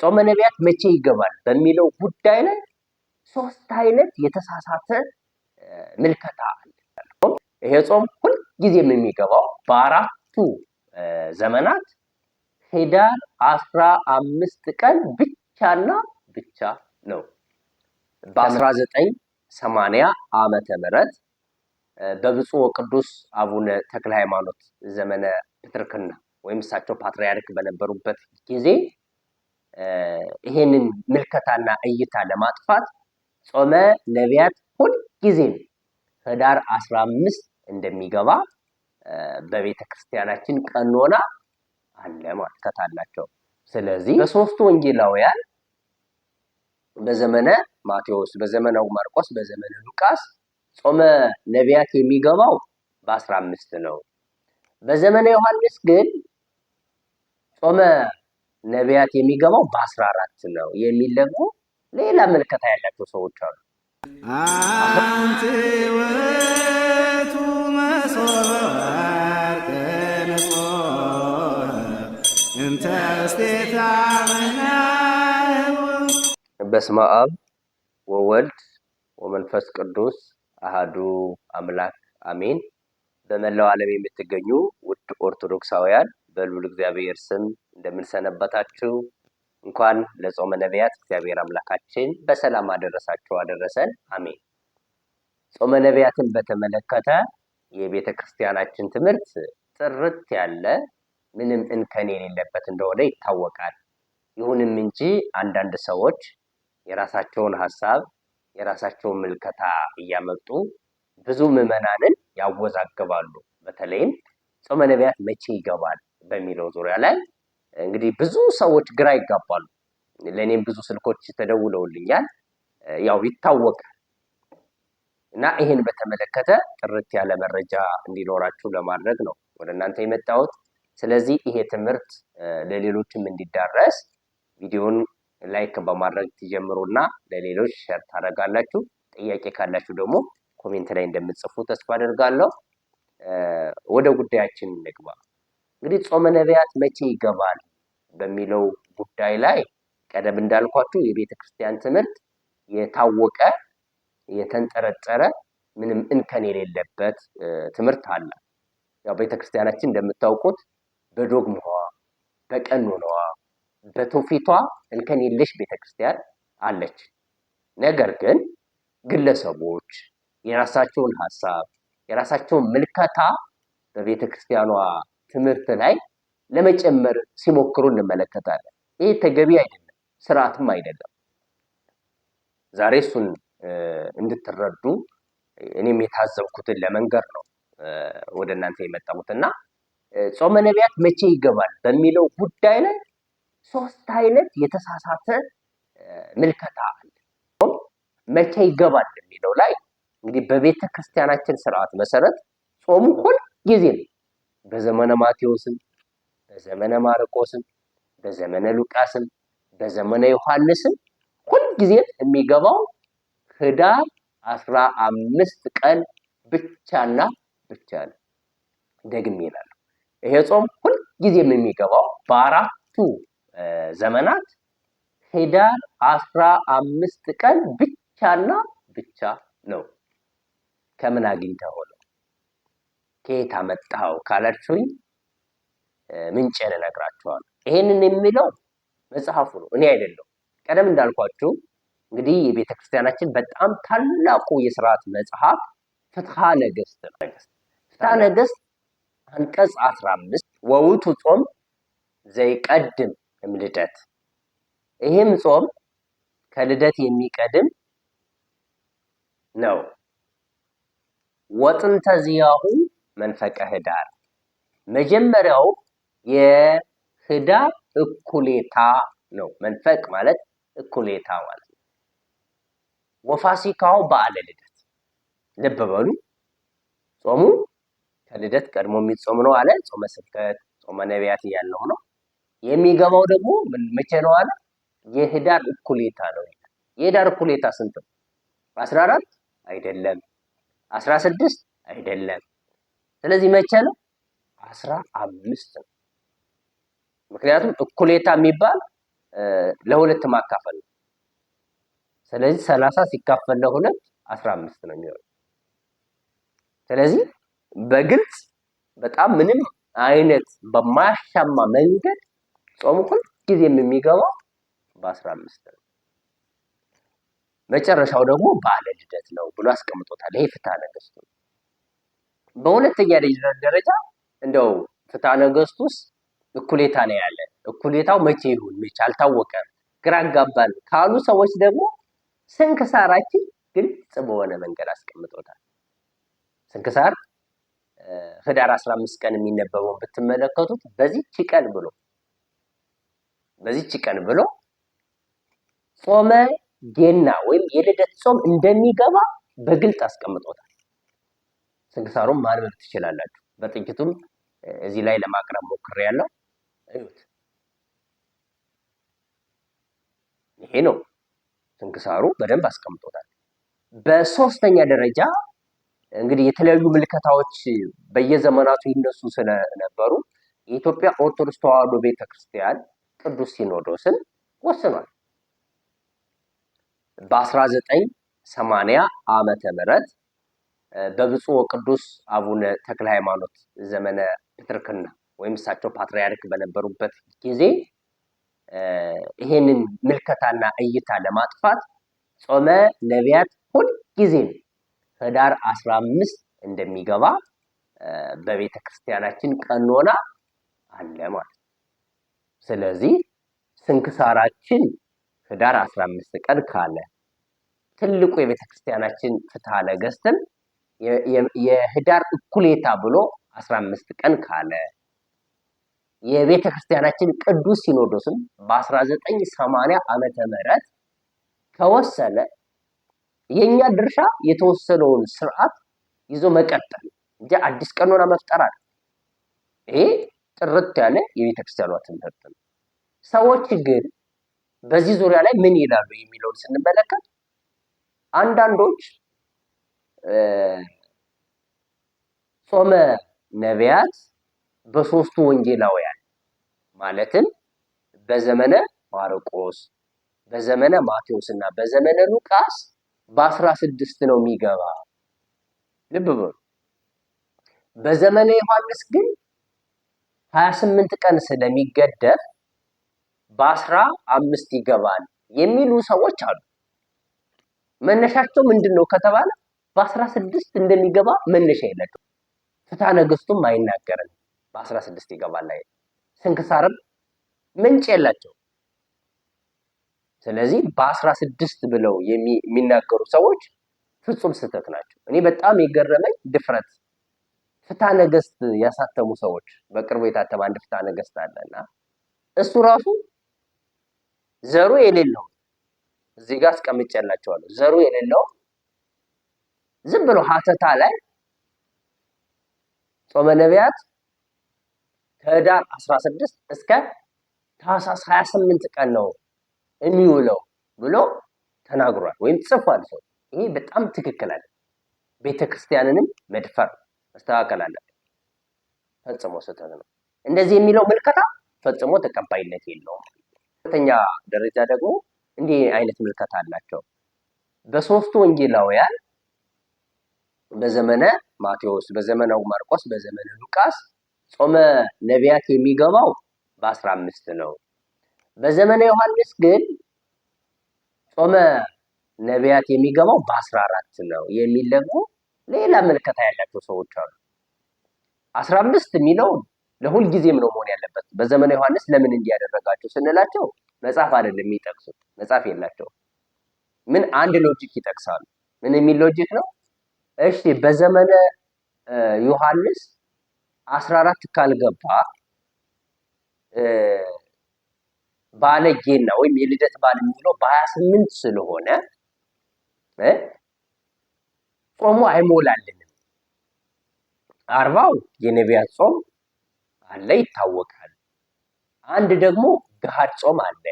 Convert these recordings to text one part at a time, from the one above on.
ጾመ ነቢያት መቼ ይገባል በሚለው ጉዳይ ላይ ሶስት አይነት የተሳሳተ ምልከታ አለ። ይሄ ጾም ሁልጊዜም የሚገባው በአራቱ ዘመናት ህዳር አስራ አምስት ቀን ብቻና ብቻ ነው። በአስራ ዘጠኝ ሰማንያ ዓመተ ምህረት በብፁዕ ወቅዱስ አቡነ ተክለ ሃይማኖት ዘመነ ፕትርክና ወይም እሳቸው ፓትርያርክ በነበሩበት ጊዜ ይሄንን ምልከታና እይታ ለማጥፋት ጾመ ነቢያት ሁልጊዜም ህዳር አስራ አምስት እንደሚገባ በቤተ ክርስቲያናችን ቀኖና አለ ማለት አላቸው። ስለዚህ በሶስቱ ወንጌላውያን በዘመነ ማቴዎስ፣ በዘመነው ማርቆስ፣ በዘመነ ሉቃስ ጾመ ነቢያት የሚገባው በአስራ አምስት ነው። በዘመነ ዮሐንስ ግን ጾመ ነቢያት የሚገባው በአስራ አራት ነው የሚል ደግሞ ሌላ ምልከታ ያላቸው ሰዎች አሉ። በስመ አብ ወወልድ ወመንፈስ ቅዱስ አህዱ አምላክ አሜን። በመላው ዓለም የምትገኙ ውድ ኦርቶዶክሳውያን በልዑል እግዚአብሔር ስም እንደምንሰነበታችሁ እንኳን ለጾመ ነቢያት እግዚአብሔር አምላካችን በሰላም አደረሳችሁ አደረሰን፣ አሜን። ጾመ ነቢያትን በተመለከተ የቤተ ክርስቲያናችን ትምህርት ጥርት ያለ ምንም እንከን የሌለበት እንደሆነ ይታወቃል። ይሁንም እንጂ አንዳንድ ሰዎች የራሳቸውን ሀሳብ የራሳቸውን ምልከታ እያመጡ ብዙ ምዕመናንን ያወዛግባሉ። በተለይም ጾመ ነቢያት መቼ ይገባል በሚለው ዙሪያ ላይ እንግዲህ ብዙ ሰዎች ግራ ይጋባሉ። ለእኔም ብዙ ስልኮች ተደውለውልኛል። ያው ይታወቃል እና ይህን በተመለከተ ጥርት ያለ መረጃ እንዲኖራችሁ ለማድረግ ነው ወደ እናንተ የመጣሁት። ስለዚህ ይሄ ትምህርት ለሌሎችም እንዲዳረስ ቪዲዮን ላይክ በማድረግ ትጀምሩና ለሌሎች ሸር ታደርጋላችሁ። ጥያቄ ካላችሁ ደግሞ ኮሜንት ላይ እንደምትጽፉ ተስፋ አደርጋለሁ። ወደ ጉዳያችን እንግባ። እንግዲህ ጾመ ነቢያት መቼ ይገባል በሚለው ጉዳይ ላይ ቀደም እንዳልኳችሁ የቤተ ክርስቲያን ትምህርት የታወቀ የተንጠረጠረ ምንም እንከን የሌለበት ትምህርት አለ። ያው ቤተ ክርስቲያናችን እንደምታውቁት በዶግማዋ በቀኖናዋ በትውፊቷ እንከን የለሽ ቤተ ክርስቲያን አለች። ነገር ግን ግለሰቦች የራሳቸውን ሀሳብ የራሳቸውን ምልከታ በቤተ ክርስቲያኗ ትምህርት ላይ ለመጨመር ሲሞክሩ እንመለከታለን። ይህ ተገቢ አይደለም፣ ስርዓትም አይደለም። ዛሬ እሱን እንድትረዱ እኔም የታዘብኩትን ለመንገር ነው ወደ እናንተ የመጣሁት እና ጾመ ነቢያት መቼ ይገባል በሚለው ጉዳይ ላይ ሶስት አይነት የተሳሳተ ምልከታ አለ። መቼ ይገባል የሚለው ላይ እንግዲህ በቤተ ክርስቲያናችን ስርዓት መሰረት ጾሙ ሁል ጊዜ ነው። በዘመነ ማቴዎስም በዘመነ ማርቆስም በዘመነ ሉቃስም በዘመነ ዮሐንስም ሁልጊዜም የሚገባው ህዳር አስራ አምስት ቀን ብቻና ብቻ ነው። ደግሜ እላለሁ ይሄ ጾም ሁልጊዜም የሚገባው በአራቱ ዘመናት ህዳር አስራ አምስት ቀን ብቻና ብቻ ነው። ከምን አግኝተኸው ሆነው? ከየት አመጣኸው ካላችሁኝ ምንጭን እነግራቸዋለሁ። ይሄንን የሚለው መጽሐፉ ነው፣ እኔ አይደለሁም። ቀደም እንዳልኳችሁ እንግዲህ የቤተ ክርስቲያናችን በጣም ታላቁ የስርዓት መጽሐፍ ፍትሐ ነገስት ነው። ፍትሐ ነገስት አንቀጽ አስራ አምስት ወውቱ ጾም ዘይቀድም እምልደት፣ ይህም ጾም ከልደት የሚቀድም ነው። ወጥንተ ዚያሁ መንፈቀ ኅዳር መጀመሪያው የህዳር እኩሌታ ነው። መንፈቅ ማለት እኩሌታ ማለት ነው። ወፋሲካው በዓለ ልደት ልብ በሉ። ጾሙ ከልደት ቀድሞ የሚጾም ነው አለ። ጾመ ስብከት፣ ጾመ ነቢያት እያለው ነው። የሚገባው ደግሞ መቼ ነው አለ? የህዳር እኩሌታ ነው። የህዳር እኩሌታ ስንት ነው? አስራ አራት አይደለም፣ አስራ ስድስት አይደለም። ስለዚህ መቼ ነው? አስራ አምስት ነው። ምክንያቱም እኩሌታ የሚባል ለሁለት ማካፈል ነው። ስለዚህ ሰላሳ ሲካፈል ለሁለት አስራ አምስት ነው የሚሆነው። ስለዚህ በግልጽ በጣም ምንም አይነት በማያሻማ መንገድ ጾሙ ሁልጊዜም የሚገባው በአስራ አምስት ነው። መጨረሻው ደግሞ በዓለ ልደት ነው ብሎ አስቀምጦታል። ይሄ ፍትሐ ነገሥቱ ነው። በሁለተኛ ደረጃ እንደው ፍትሐ ነገሥቱስ እኩሌታ ነው ያለ። እኩሌታው መቼ ይሁን መቼ አልታወቀም፣ ግራ አጋባን ካሉ ሰዎች ደግሞ ስንክሳራችን ግልጽ በሆነ መንገድ አስቀምጦታል። ስንክሳር ህዳር 15 ቀን የሚነበበውን ብትመለከቱት በዚች ቀን ብሎ በዚች ቀን ብሎ ጾመ ጌና ወይም የልደት ጾም እንደሚገባ በግልጽ አስቀምጦታል። ስንክሳሩም ማንበብ ትችላላችሁ። በጥቂቱም እዚህ ላይ ለማቅረብ ሞክሬያለሁ። እዩት። ይሄ ነው ስንክሳሩ በደንብ አስቀምጦታል። በሶስተኛ ደረጃ እንግዲህ የተለያዩ ምልከታዎች በየዘመናቱ ይነሱ ስለነበሩ የኢትዮጵያ ኦርቶዶክስ ተዋሕዶ ቤተክርስቲያን ቅዱስ ሲኖዶስን ወስኗል። በ1980 ዓመተ ምህረት በብፁዕ ቅዱስ አቡነ ተክለ ሃይማኖት ዘመነ ፕትርክና ወይም እሳቸው ፓትርያርክ በነበሩበት ጊዜ ይሄንን ምልከታና እይታ ለማጥፋት ጾመ ነቢያት ጊዜ ህዳር አስራ አምስት እንደሚገባ በቤተ ክርስቲያናችን ቀኖና አለ ማለት ነው። ስለዚህ ስንክሳራችን ህዳር አስራ አምስት ቀን ካለ ትልቁ የቤተ ክርስቲያናችን ፍትሐ ነገሥትን የህዳር እኩሌታ ብሎ አስራ አምስት ቀን ካለ የቤተ ክርስቲያናችን ቅዱስ ሲኖዶስም በ1980 ዓመተ ምህረት ከወሰነ የኛ ድርሻ የተወሰነውን ስርዓት ይዞ መቀጠል እንጂ አዲስ ቀኖና መፍጠር አለ። ይሄ ጥርት ያለ የቤተ ክርስቲያኗ ትምህርት ነው። ሰዎች ግን በዚህ ዙሪያ ላይ ምን ይላሉ የሚለውን ስንመለከት አንዳንዶች ጾመ ነቢያት በሶስቱ ወንጌላውያን ማለትም በዘመነ ማርቆስ፣ በዘመነ ማቴዎስ እና በዘመነ ሉቃስ በአስራ ስድስት ነው የሚገባ። ልብ በሉ። በዘመነ ዮሐንስ ግን ሀያ ስምንት ቀን ስለሚገደብ በአስራ አምስት ይገባል የሚሉ ሰዎች አሉ። መነሻቸው ምንድን ነው ከተባለ በአስራ ስድስት እንደሚገባ መነሻ የላቸው። ፍትሐ ነገሥቱም አይናገርም። በአስራ ስድስት ይገባል ላይ ስንክሳርም ምንጭ የላቸው። ስለዚህ በአስራ ስድስት ብለው የሚናገሩ ሰዎች ፍጹም ስህተት ናቸው። እኔ በጣም የገረመኝ ድፍረት ፍትሐ ነገስት ያሳተሙ ሰዎች በቅርቡ የታተመ አንድ ፍትሐ ነገሥት አለና እሱ ራሱ ዘሩ የሌለው እዚህ ጋር አስቀምጬላቸዋለሁ። ዘሩ የሌለው ዝም ብሎ ሀተታ ላይ ጾመ ነቢያት ከህዳር 16 እስከ ታህሳስ 28 ቀን ነው የሚውለው ብሎ ተናግሯል ወይም ጽፏል ሰው። ይሄ በጣም ትክክል አለ። ቤተ ክርስቲያንንም መድፈር መስተካከል አለበት። ፈጽሞ ስህተት ነው። እንደዚህ የሚለው ምልከታ ፈጽሞ ተቀባይነት የለውም። ሁለተኛ ደረጃ ደግሞ እንዲህ አይነት ምልከታ አላቸው። በሶስቱ ወንጌላውያን በዘመነ ማቴዎስ፣ በዘመናው ማርቆስ፣ በዘመነ ሉቃስ ጾመ ነቢያት የሚገባው በአስራ አምስት ነው። በዘመነ ዮሐንስ ግን ጾመ ነቢያት የሚገባው በአስራ አራት ነው የሚል ደግሞ ሌላ ምልከታ ያላቸው ሰዎች አሉ። አስራ አምስት ለሁል ለሁልጊዜም ነው መሆን ያለበት። በዘመነ ዮሐንስ ለምን እንዲያደረጋቸው ስንላቸው መጽሐፍ አይደለም የሚጠቅሱት፣ መጽሐፍ የላቸውም። ምን አንድ ሎጂክ ይጠቅሳሉ። ምን የሚል ሎጂክ ነው? እሺ በዘመነ ዮሐንስ አስራ አራት ካልገባ ባለጌና ወይም የልደት ባል የሚለው በሀያ ስምንት ስለሆነ ጾሙ አይሞላልንም። አርባው የነቢያት ጾም አለ ይታወቃል። አንድ ደግሞ ገሃድ ጾም አለ።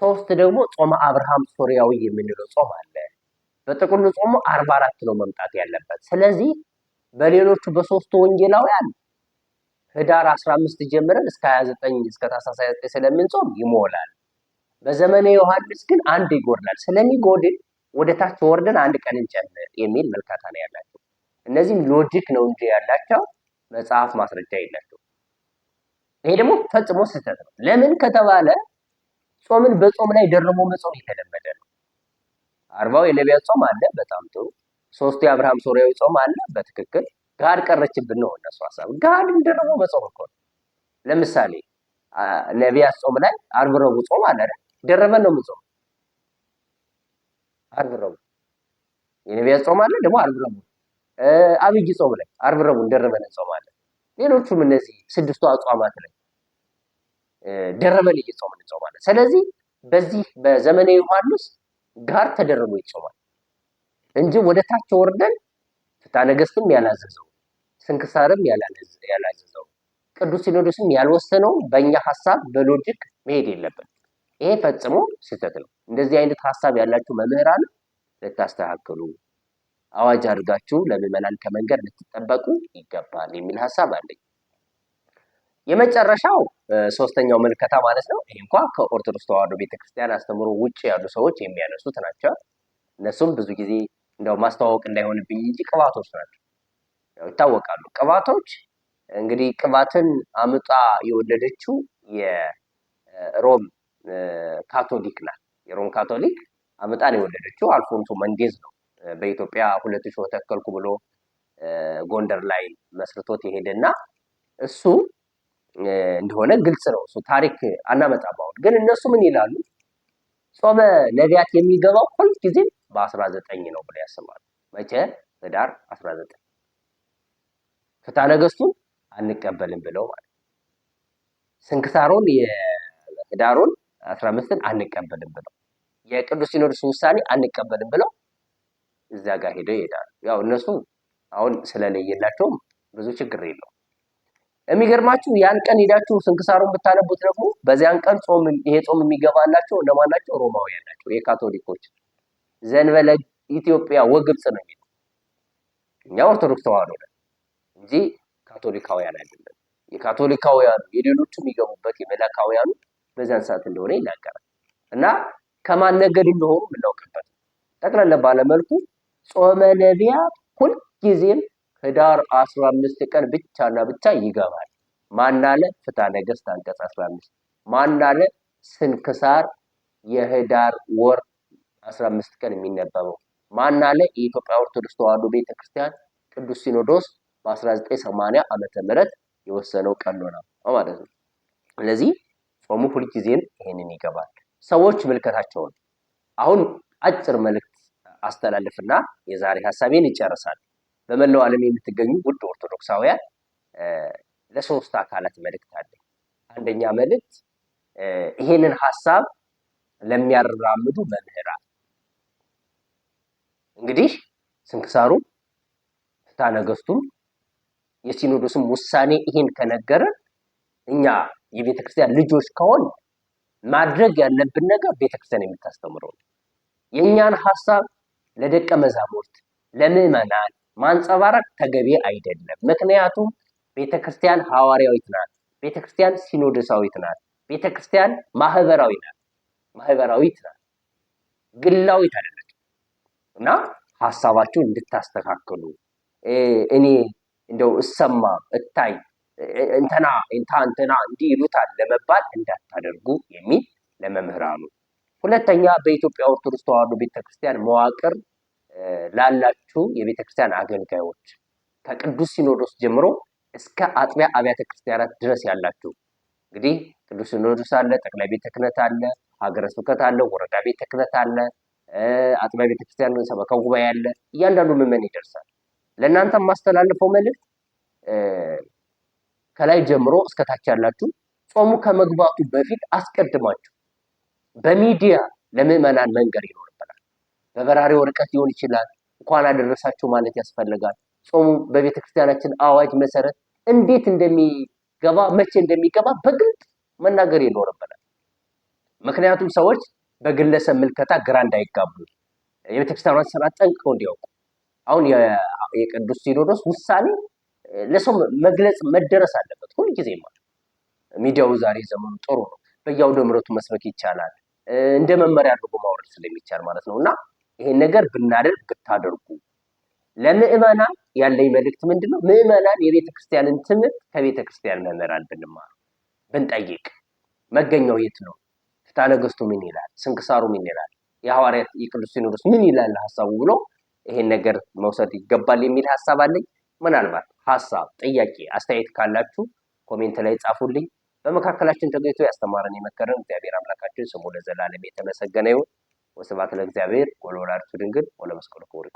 ሶስት ደግሞ ጾመ አብርሃም ሶሪያዊ የምንለው ጾም አለ። በጥቅሉ ጾሙ አርባ አራት ነው መምጣት ያለበት። ስለዚህ በሌሎቹ በሶስቱ ወንጌላውያን ህዳር 15 ጀምረን እስከ 29 እስከ ታኅሳስ 29 ስለምንጾም ይሞላል። በዘመነ ዮሐንስ ግን አንድ ይጎድላል። ስለሚጎድል ወደ ታች ወርደን አንድ ቀን እንጨምር የሚል መልካታ ነው ያላቸው። እነዚህም ሎጂክ ነው እንጂ ያላቸው መጽሐፍ ማስረጃ የላቸው። ይሄ ደግሞ ፈጽሞ ስህተት ነው። ለምን ከተባለ ጾምን በጾም ላይ ደርሞ መጾም የተለመደ ነው። አርባው የነቢያት ጾም አለ። በጣም ጥሩ ሶስቱ የአብርሃም ሶሪያዊ ጾም አለ። በትክክል ጋድ ቀረችብን ነው እነሱ ሀሳብ። ጋድ እንደረቦ በጾም እኮ ለምሳሌ ነቢያት ጾም ላይ ዓርብ ረቡዕ ጾም አለ። ደረበን ነው ምጾም ዓርብ ረቡዕ የነቢያት ጾም አለ። ደግሞ ዓርብ ረቡዕ አብይ ጾም ላይ ዓርብ ረቡዕ ጾም አለ ሌሎቹም እነዚህ ስድስቱ አጽዋማት ላይ ደረበን እየጾምን አለ ስለዚህ በዚህ በዘመነ ዮሐንስ ጋር ተደርቦ ይጾማል። እንጂ ወደ ታች ወርደን ፍትሐ ነገሥትም ያላዘዘው ስንክሳርም ያላዘዘው ቅዱስ ሲኖዶስም ያልወሰነው በእኛ ሀሳብ በሎጂክ መሄድ የለብን። ይሄ ፈጽሞ ስህተት ነው። እንደዚህ አይነት ሀሳብ ያላችሁ መምህራን ልታስተካክሉ፣ አዋጅ አድርጋችሁ ለምዕመናን ከመንገድ ልትጠበቁ ይገባል የሚል ሀሳብ አለኝ። የመጨረሻው ሶስተኛው ምልከታ ማለት ነው። ይህ እንኳ ከኦርቶዶክስ ተዋህዶ ቤተክርስቲያን አስተምሮ ውጭ ያሉ ሰዎች የሚያነሱት ናቸው። እነሱም ብዙ ጊዜ እንደው ማስተዋወቅ እንዳይሆንብኝ እንጂ ቅባቶች ናቸው። ይታወቃሉ ቅባቶች እንግዲህ ቅባትን አምጣ የወለደችው የሮም ካቶሊክ ናት። የሮም ካቶሊክ አምጣን የወለደችው አልፎንሶ መንጌዝ ነው። በኢትዮጵያ ሁለት ሺህ ተከልኩ ብሎ ጎንደር ላይ መስርቶት የሄደና እሱ እንደሆነ ግልጽ ነው። እሱ ታሪክ አናመጣም። አሁን ግን እነሱ ምን ይላሉ? ጾመ ነቢያት የሚገባው ሁልጊዜም በ19 ነው ብለው ያስባሉ። መቼ? ህዳር 19 ፍትሐ ነገስቱን አንቀበልም ብለው ማለት ስንክሳሮን የህዳሩን 15ን አንቀበልም ብለው የቅዱስ ሲኖዶስ ውሳኔ አንቀበልም ብለው እዛ ጋር ሄደው ይሄዳሉ። ያው እነሱ አሁን ስለለየላቸውም ብዙ ችግር የለው። የሚገርማችሁ ያን ቀን ሄዳችሁ ስንክሳሩን ብታነቡት ደግሞ በዚያን ቀን ጾም ይሄ ጾም የሚገባላቸው እነማን ናቸው? ሮማውያን ናቸው፣ የካቶሊኮች ዘንበለ ኢትዮጵያ ወግብፅ ነው የሚለው። እኛ ኦርቶዶክስ ተዋህዶ ነን እንጂ ካቶሊካውያን አይደለም። የካቶሊካውያኑ የሌሎቹ የሚገቡበት የመላካውያኑ በዚያን ሰዓት እንደሆነ ይናገራል እና ከማን ነገድ እንደሆኑ የምናውቅበት ጠቅላላ ባለመልኩ ጾመ ነቢያት ሁልጊዜም ህዳር አስራ አምስት ቀን ብቻና ብቻ ይገባል። ማናለ ፍትሐ ነገሥት አንቀጽ አስራ አምስት ማናለ ስንክሳር የህዳር ወር አስራ አምስት ቀን የሚነበበው ማን አለ? የኢትዮጵያ ኦርቶዶክስ ተዋህዶ ቤተክርስቲያን ቅዱስ ሲኖዶስ በ1980 ዓመተ ምህረት የወሰነው ቀኖና ነው ማለት ነው። ስለዚህ ጾሙ ሁልጊዜም ይሄንን ይገባል። ሰዎች ምልከታቸውን አሁን አጭር መልእክት አስተላልፍና የዛሬ ሀሳቤን ይጨርሳል። በመላው ዓለም የምትገኙ ውድ ኦርቶዶክሳውያን ለሶስት አካላት መልእክት አለ። አንደኛ መልእክት ይሄንን ሀሳብ ለሚያራምዱ መምህራን እንግዲህ ስንክሳሩ ፍትሐ ነገሥቱም የሲኖዶስም ውሳኔ ይሄን ከነገረን እኛ የቤተክርስቲያን ልጆች ከሆን ማድረግ ያለብን ነገር ቤተክርስቲያን የምታስተምረው የእኛን ሀሳብ ለደቀ መዛሙርት ለምዕመናን ማንጸባረቅ ተገቢ አይደለም። ምክንያቱም ቤተክርስቲያን ሐዋርያዊት ናት። ቤተክርስቲያን ሲኖዶሳዊት ናት። ቤተክርስቲያን ማህበራዊ ናት። ማህበራዊት ናት፣ ግላዊት አይደለም። እና ሀሳባችሁን እንድታስተካክሉ እኔ እንደው እሰማ እታይ እንተና እንታ እንተና እንዲህ ይሉታል ለመባል እንዳታደርጉ የሚል ለመምህራኑ። ሁለተኛ በኢትዮጵያ ኦርቶዶክስ ተዋሕዶ ቤተክርስቲያን መዋቅር ላላችሁ የቤተክርስቲያን አገልጋዮች ከቅዱስ ሲኖዶስ ጀምሮ እስከ አጥቢያ አብያተ ክርስቲያናት ድረስ ያላችሁ እንግዲህ ቅዱስ ሲኖዶስ አለ፣ ጠቅላይ ቤተ ክህነት አለ፣ ሀገረ ስብከት አለ፣ ወረዳ ቤተ ክህነት አለ፣ አጥቢያ ቤተክርስቲያን ሰበካ ጉባኤ አለ። እያንዳንዱ ምዕመን ይደርሳል። ለእናንተ የማስተላልፈው መልእክት ከላይ ጀምሮ እስከታች ያላችሁ ጾሙ ከመግባቱ በፊት አስቀድማችሁ በሚዲያ ለምዕመናን መንገር ይኖርበታል። በበራሪ ወረቀት ሊሆን ይችላል። እንኳን አደረሳችሁ ማለት ያስፈልጋል። ጾሙ በቤተክርስቲያናችን አዋጅ መሰረት እንዴት እንደሚገባ መቼ እንደሚገባ በግልጽ መናገር ይኖርበታል። ምክንያቱም ሰዎች በግለሰብ ምልከታ ግራ እንዳይጋቡ የቤተክርስቲያኗን ስራ ጠንቅቀው እንዲያውቁ አሁን የቅዱስ ሲኖዶስ ውሳኔ ለሰው መግለጽ መደረስ አለበት። ሁልጊዜ ማለት ሚዲያው ዛሬ ዘመኑ ጥሩ ነው። በየአውደ ምረቱ መስበክ ይቻላል። እንደ መመሪያ አድርጎ ማውረድ ስለሚቻል ማለት ነው እና ይሄን ነገር ብናደርግ ብታደርጉ ለምዕመናን ያለኝ መልእክት ምንድን ነው? ምዕመናን የቤተክርስቲያንን ትምህርት ከቤተክርስቲያን መምህራን ብንማር ብንጠይቅ፣ መገኛው የት ነው? ታነገስቱ ምን ይላል? ስንክሳሩ ምን ይላል? የሐዋርያት የቅዱስ ሲኖዶስ ምን ይላል ሀሳቡ ብሎ ይሄን ነገር መውሰድ ይገባል የሚል ሀሳብ አለኝ። ምናልባት ሀሳብ፣ ጥያቄ፣ አስተያየት ካላችሁ ኮሜንት ላይ ጻፉልኝ። በመካከላችን ተገኝቶ ያስተማረን የመከረን እግዚአብሔር አምላካችን ስሙ ለዘላለም የተመሰገነ ይሁን። ወስብሐት ለእግዚአብሔር ወለወላዲቱ ድንግል ወለመስቀሉ ክቡር።